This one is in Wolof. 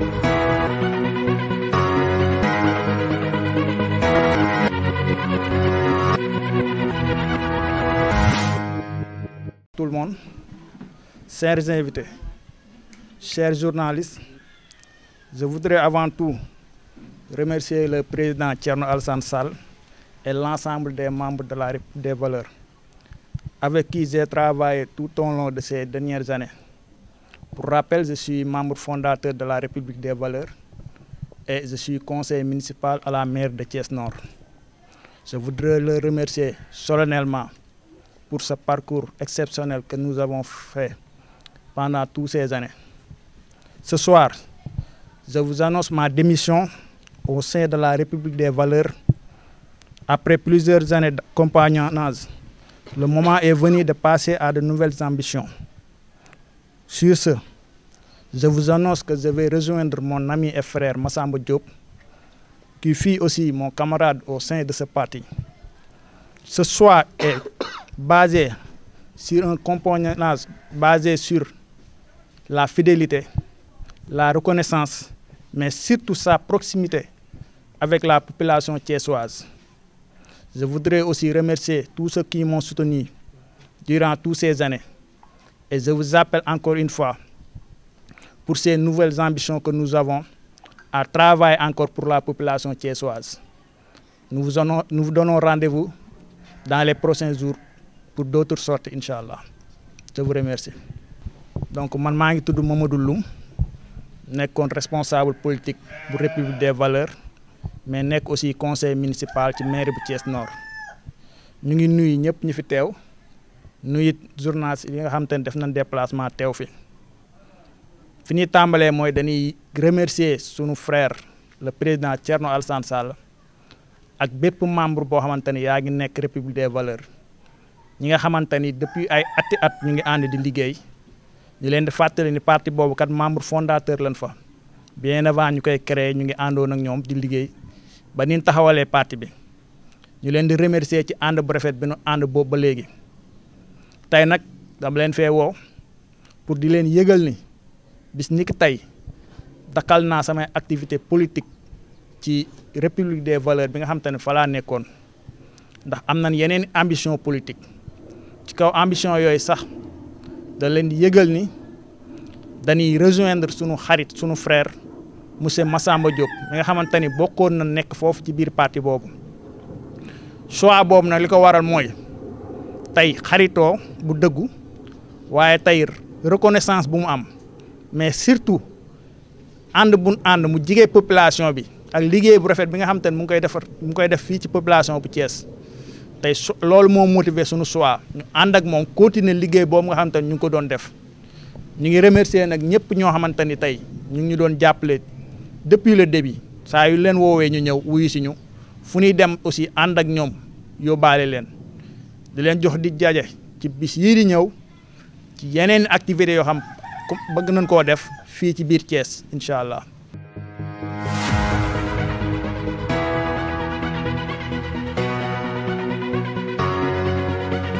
tout le monde, chers invités, chers journalistes, je voudrais avant tout remercier le président Tcherno Alsan Sall et l'ensemble des membres de la République des valeurs avec qui j'ai travaillé tout au long de ces dernières années. Pour rappel, je suis membre fondateur de la République des valeurs et je suis conseiller municipal à la maire de Thiès-Nord. Je voudrais le remercier solennellement pour ce parcours exceptionnel que nous avons fait pendant toutes ces années. Ce soir, je vous annonce ma démission au sein de la République des valeurs. Après plusieurs années d'accompagnage, le moment est venu de passer à de nouvelles ambitions. Sur ce, je vous annonce que je vais rejoindre mon ami et frère Massamba Diop, qui fut aussi mon camarade au sein de ce parti. Ce choix est basé sur un compagnonnage basé sur la fidélité, la reconnaissance, mais surtout sa proximité avec la population thiessoise. Je voudrais aussi remercier tout ceux qui m'ont soutenu durant toutes ces années. Et je vous appelle encore une fois pour ces nouvelles ambitions que nous avons à travailler encore pour la population thiessoise. Nous vous donnons, nous vous rendez-vous dans les prochains jours pour d'autres sorte incha allah je vous remercie. donc man maa ngi tudd Mamadou Loum nekkoon responsable politique bu République des Valeurs mais nekk aussi conseil municipal ci mairie bu Thiès Nord ñu ngi nuyu ñëpp ñu fi teew. nuyu it journaliste yi nga xam ne def nañ déplacement teew fi fi ñuy tàmbalee mooy dañuy remercier sunu frère le président Thierno Alassane la ak bépp membre boo xamante ni yaa ngi nekk République des valeur ñi nga xamante ni depuis ay ati at ñu ngi ànd di liggéey ñu leen di fàttali ni parti boobu kat membre fondateur lan fa bien avant ñu koy créer ñu ngi àndoon ak ñoom di liggéey ba ni taxawalee parti bi ñu leen di remercier ci ànd bu rafet bi nu ànd boobu ba léegi. tey nag dama leen fee woo pour di leen yëgal ni bis nikk tey dakkal naa samay activité politique ci république des valeurs bi nga xam te ne nekkoon ndax am na yeneen ambition politique ci kaw ambition yooyu sax da leen di yëgal ni dañuy rejoindre sunu xarit sunu frère monsieur Massamba Diop mi nga xamante ni bokkoon na nekk foofu ci biir parti boobu choix boobu nag li ko waral mooy tey xaritoo bu dëggu waaye tey reconnaissance bu mu am mais surtout ànd bu ànd mu jigee population bi ak liggéey bu rafet bi nga xam te ne mu ngi koy defar mu ngi koy def fii ci population bu Thiès tey su loolu moo motiver suñu choix ñu ànd ak moom continuer liggéey boobu nga xam te ne ñu ngi ko doon def ñu ngi remercier nag ñëpp ñoo xamante ni tey ñu ngi ñu doon jàppale depuis le début saa yu leen woowee ñu ñëw wuyu si ñu fu ñuy dem aussi ànd ak ñoom yóbbaale leen. di leen jox di jaaje ci bis yii di ñëw ci yeneen activités yoo xam bëgg nañ koo def fii ci biir cees incha allah.